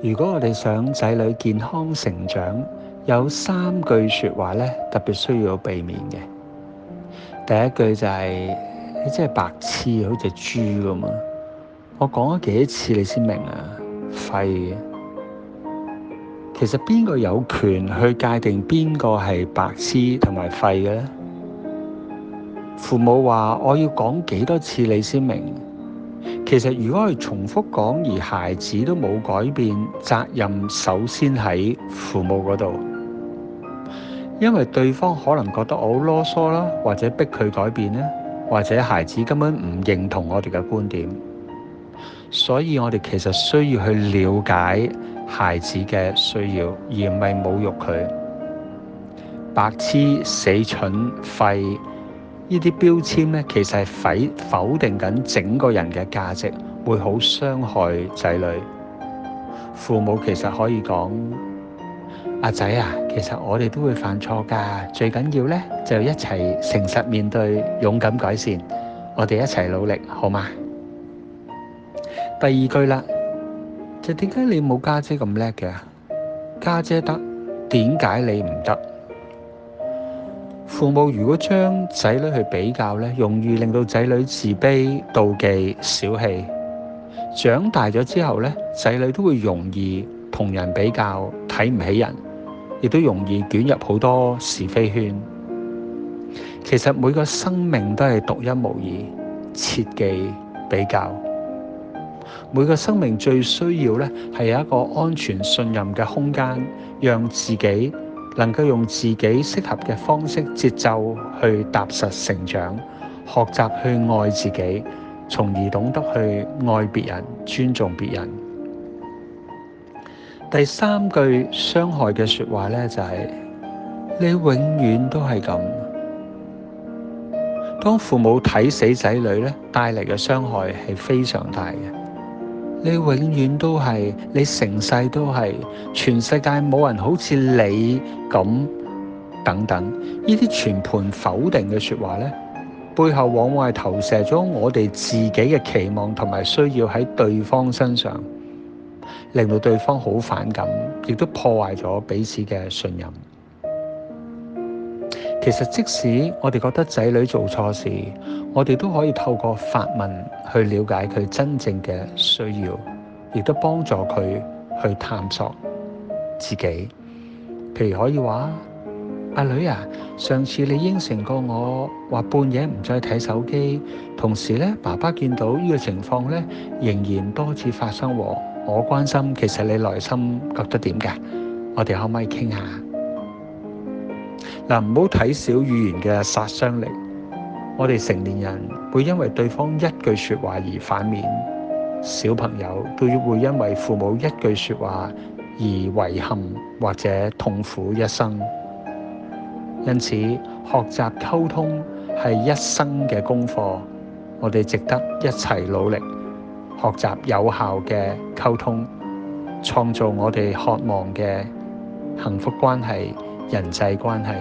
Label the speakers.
Speaker 1: 如果我哋想仔女健康成長，有三句説話咧，特別需要避免嘅。第一句就係：你真係白痴，好似豬咁啊！我講咗幾多次你先明啊？廢嘅！其實邊個有權去界定邊個係白痴同埋廢嘅咧？父母話：我要講幾多次你先明？其實，如果係重複講而孩子都冇改變，責任首先喺父母嗰度，因為對方可能覺得我好囉嗦啦，或者逼佢改變呢，或者孩子根本唔認同我哋嘅觀點，所以我哋其實需要去了解孩子嘅需要，而唔係侮辱佢，白痴、死蠢、廢。呢啲標籤呢，其實係否否定緊整個人嘅價值，會好傷害仔女。父母其實可以講：阿仔啊，其實我哋都會犯錯㗎，最緊要呢，就一齊誠實面對，勇敢改善，我哋一齊努力，好嗎？第二句啦，就點解你冇家姐咁叻嘅？家姐得，點解你唔得？父母如果將仔女去比較咧，容易令到仔女自卑、妒忌、小氣。長大咗之後咧，仔女都會容易同人比較，睇唔起人，亦都容易捲入好多是非圈。其實每個生命都係獨一無二，切忌比較。每個生命最需要咧，係有一個安全、信任嘅空間，讓自己，能夠用自己適合嘅方式、節奏去踏實成長，學習去愛自己，從而懂得去愛別人、尊重別人。第三句傷害嘅説話呢，就係你永遠都係咁。當父母睇死仔女呢，帶嚟嘅傷害係非常大嘅。你永遠都係，你成世都係，全世界冇人好似你咁等等，呢啲全盤否定嘅説話呢，背後往往係投射咗我哋自己嘅期望同埋需要喺對方身上，令到對方好反感，亦都破壞咗彼此嘅信任。其實即使我哋覺得仔女做錯事，我哋都可以透過發問去了解佢真正嘅需要，亦都幫助佢去探索自己。譬如可以話：阿女啊，上次你應承過我話半夜唔再睇手機，同時咧，爸爸見到呢個情況咧，仍然多次發生喎。我關心，其實你內心覺得點㗎？我哋可唔可以傾下？嗱，唔好睇小語言嘅殺傷力。我哋成年人會因為對方一句說話而反面，小朋友都會因為父母一句說話而遺憾或者痛苦一生。因此，學習溝通係一生嘅功課，我哋值得一齊努力，學習有效嘅溝通，創造我哋渴望嘅幸福關係。人際關係。